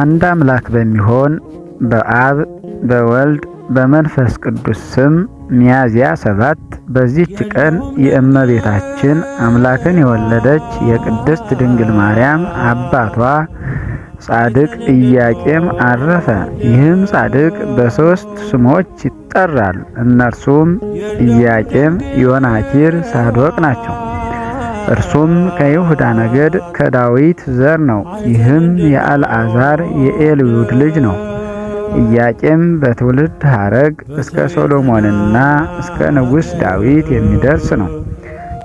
አንድ አምላክ በሚሆን በአብ በወልድ በመንፈስ ቅዱስ ስም ሚያዝያ ሰባት በዚህች ቀን የእመቤታችን አምላክን የወለደች የቅድስት ድንግል ማርያም አባቷ ጻድቅ ኢያቄም አረፈ። ይህም ጻድቅ በሦስት ስሞች ይጠራል። እነርሱም ኢያቄም፣ ዮናኪር፣ ሳዶቅ ናቸው። እርሱም ከይሁዳ ነገድ ከዳዊት ዘር ነው። ይህም የአልዓዛር የኤልዩድ ልጅ ነው። ኢያቄም በትውልድ ሐረግ እስከ ሶሎሞንና እስከ ንጉሥ ዳዊት የሚደርስ ነው።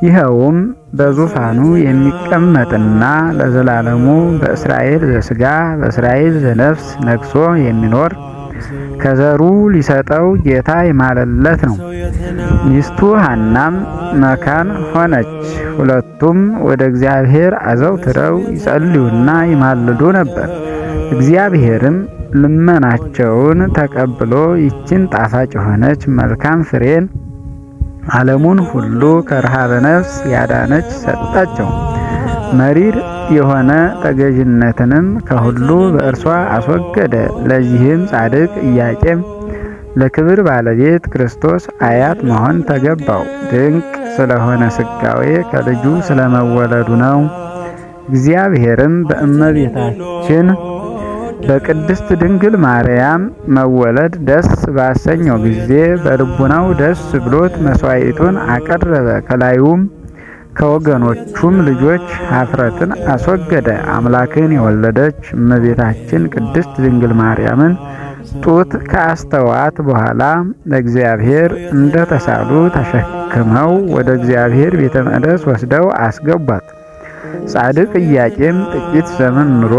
ይኸውም በዙፋኑ የሚቀመጥና ለዘላለሙ በእስራኤል ዘሥጋ በእስራኤል ዘነፍስ ነግሶ የሚኖር ከዘሩ ሊሰጠው ጌታ የማለለት ነው። ሚስቱ ሐናም መካን ሆነች። ሁለቱም ወደ እግዚአብሔር አዘውትረው ይጸልዩና ይማልዱ ነበር። እግዚአብሔርም ልመናቸውን ተቀብሎ ይችን ጣፋጭ የሆነች መልካም ፍሬን ዓለሙን ሁሉ ከረሃበ ነፍስ ያዳነች ሰጣቸው። መሪር የሆነ ተገዥነትንም ከሁሉ በእርሷ አስወገደ። ለዚህም ጻድቅ ኢያቄም ለክብር ባለቤት ክርስቶስ አያት መሆን ተገባው። ድንቅ ስለሆነ ስጋዌ ከልጁ ስለመወለዱ ነው። እግዚአብሔርም በእመቤታችን በቅድስት ድንግል ማርያም መወለድ ደስ ባሰኘው ጊዜ በልቡናው ደስ ብሎት መስዋዕቱን አቀረበ። ከላዩም ከወገኖቹም ልጆች አፍረትን አስወገደ። አምላክን የወለደች እመቤታችን ቅድስት ድንግል ማርያምን ጡት ከአስተዋት በኋላ ለእግዚአብሔር እንደ ተሳሉ ተሸክመው ወደ እግዚአብሔር ቤተ መቅደስ ወስደው አስገቧት። ጻድቅ ኢያቄም ጥቂት ዘመን ኑሮ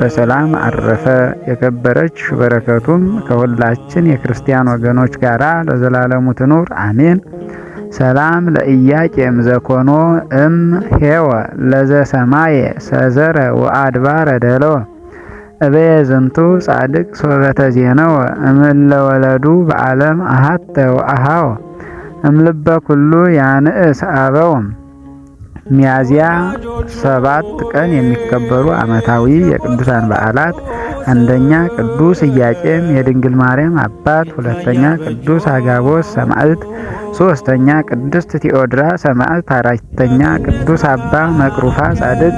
በሰላም አረፈ። የከበረች በረከቱም ከሁላችን የክርስቲያን ወገኖች ጋር ለዘላለሙ ትኑር አሜን። ሰላም ለኢያቄም ዘኮኖ እም ሄወ ለዘሰማየ ሰዘረ ወአድባረ ደለወ እበየ ዝንቱ ጻድቅ ሶበተ ዜነወ እምለወለዱ በዓለም አሃተ ወአሃወ እምልበ ኩሉ ያንእስ አበው። ሚያዝያ ሰባት ቀን የሚከበሩ ዓመታዊ የቅዱሳን በዓላት አንደኛ ቅዱስ እያቄም የድንግል ማርያም አባት፣ ሁለተኛ ቅዱስ አጋቦስ ሰማዕት፣ ሶስተኛ ቅድስት ቴዎድራ ሰማዕት፣ አራተኛ ቅዱስ አባ መቅሩፋ ጻድቅ።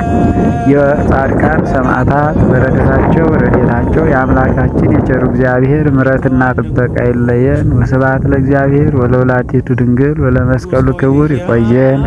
የጻድቃን ሰማዕታት በረከታቸው ረድኤታቸው የአምላካችን የቸሩ እግዚአብሔር ምረትና ጥበቃ ይለየን። ወስብሐት ለእግዚአብሔር ወለወላዲቱ ድንግል ወለመስቀሉ ክቡር። ይቆየን።